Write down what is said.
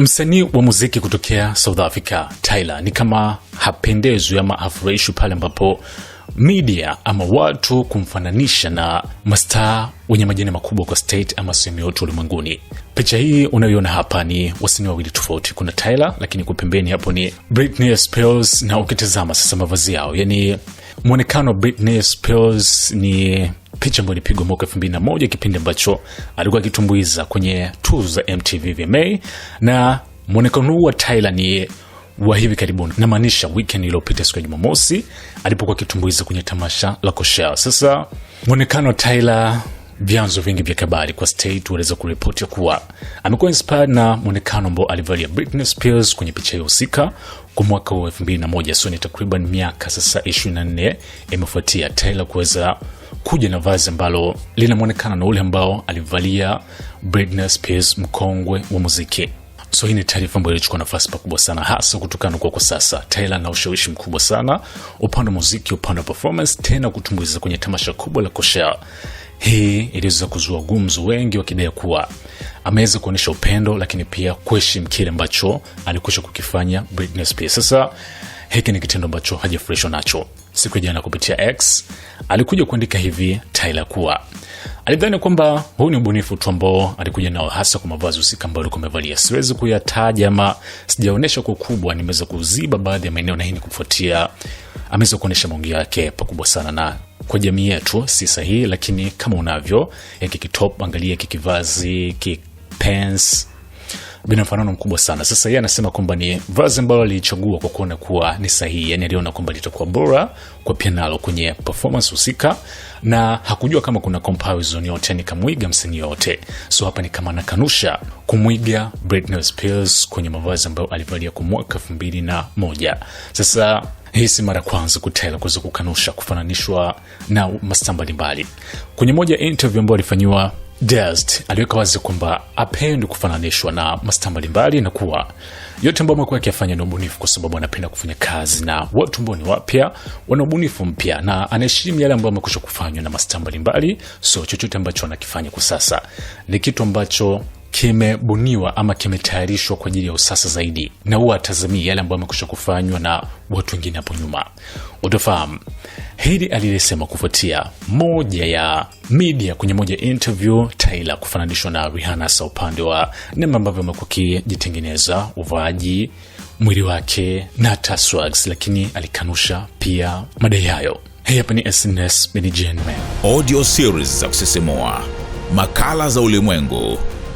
Msanii wa muziki kutokea South Africa Tyla ni kama hapendezwi ama hafurahishwi pale ambapo media ama watu kumfananisha na mastaa wenye majina makubwa kwa state ama sehemu yote ulimwenguni. Picha hii unayoiona hapa ni wasanii wawili tofauti, kuna Tyla lakini kwa pembeni hapo ni Britney Spears, na ukitazama sasa mavazi yao, yani Mwonekano wa Britney Spears ni picha ambayo ilipigwa mwaka moja kipindi ambacho alikuwa akitumbuiza kwenye tuzo za MTV VMA, na mwonekano huu wa Tyla ni wa hivi karibuni, namaanisha weekend iliyopita siku ya Jumamosi alipokuwa akitumbuiza kwenye tamasha la koshea Sasa mwonekano wa Tyla Vyanzo vingi vya habari kwa State waliweza kuripoti kuwa amekuwa inspired na mwonekano ambao alivalia Britney Spears kwenye picha hiyo husika kwa mwaka wa moja, sio ni takriban miaka sasa nne imefuatia Taylor kuweza kuja na vazi ambalo lina mwonekano na ule ambao alivalia Britney Spears, mkongwe wa muziki. So hii ni taarifa ambayo ilichukua nafasi pakubwa sana, hasa kutokana kwa kwa sasa Taylor na ushawishi mkubwa sana upande wa muziki, upande wa performance, tena kutumbuiza kwenye tamasha kubwa la Coachella. Hii iliweza kuzua gumzo, wengi wakidai kuwa ameweza kuonyesha upendo, lakini pia kuheshimu kile ambacho alikwisha kukifanya Britney Spears. Sasa hiki ni kitendo ambacho hajafurahishwa nacho. Siku ya jana kupitia X alikuja kuandika hivi Tyler kuwa alidhani kwamba huu ni ubunifu tu ambao alikuja nao hasa kwa mavazi husika ambayo alikuwa amevalia. Siwezi kuyataja ama sijaonyesha kwa ukubwa, nimeweza kuziba baadhi ya maeneo, na hii ni kufuatia ameweza kuonyesha maongeo yake pakubwa sana na kwa jamii yetu si sahihi, lakini kama unavyo, kikitop angalia kikivazi kivazi, bina mfanano mkubwa sana. Sasa yeye anasema kwamba ni vazi ambalo alichagua kwa kuona kuwa ni sahihi, yani aliona kwamba litakuwa bora kwa pia nalo kwenye performance husika, na hakujua kama kuna comparison yote, ni yaani kamwiga msanii yote. So hapa ni kama nakanusha kumwiga Britney Spears kwenye mavazi ambayo alivalia kwa mwaka elfu mbili na moja. Sasa hii si mara kwanza kutela Taylor kuweza kukanusha kufananishwa na mastaa mbalimbali. Kwenye moja interview ambayo alifanyiwa Dest aliweka wazi kwamba apendi kufananishwa na mastaa mbalimbali na kuwa yote ambayo amekuwa akiyafanya ni ubunifu, kwa sababu anapenda kufanya kazi na watu ambao ni wapya, wana ubunifu mpya, na anaheshimu yale ambayo amekwisha kufanywa na mastaa mbalimbali. So chochote ambacho anakifanya kwa sasa ni kitu ambacho kimebuniwa ama kimetayarishwa kwa ajili ya usasa zaidi, na huwa atazamii yale ambayo amekusha kufanywa na watu wengine hapo nyuma. Utafahamu hili alilisema kufuatia moja ya media kwenye moja ya interview, Tyla kufananishwa na rihana sa upande wa namna ambavyo amekuwa akijitengeneza uvaaji mwili wake na taswags, lakini alikanusha pia madai hayo. Hii hapa ni SNS Audio series za kusisimua, makala za ulimwengu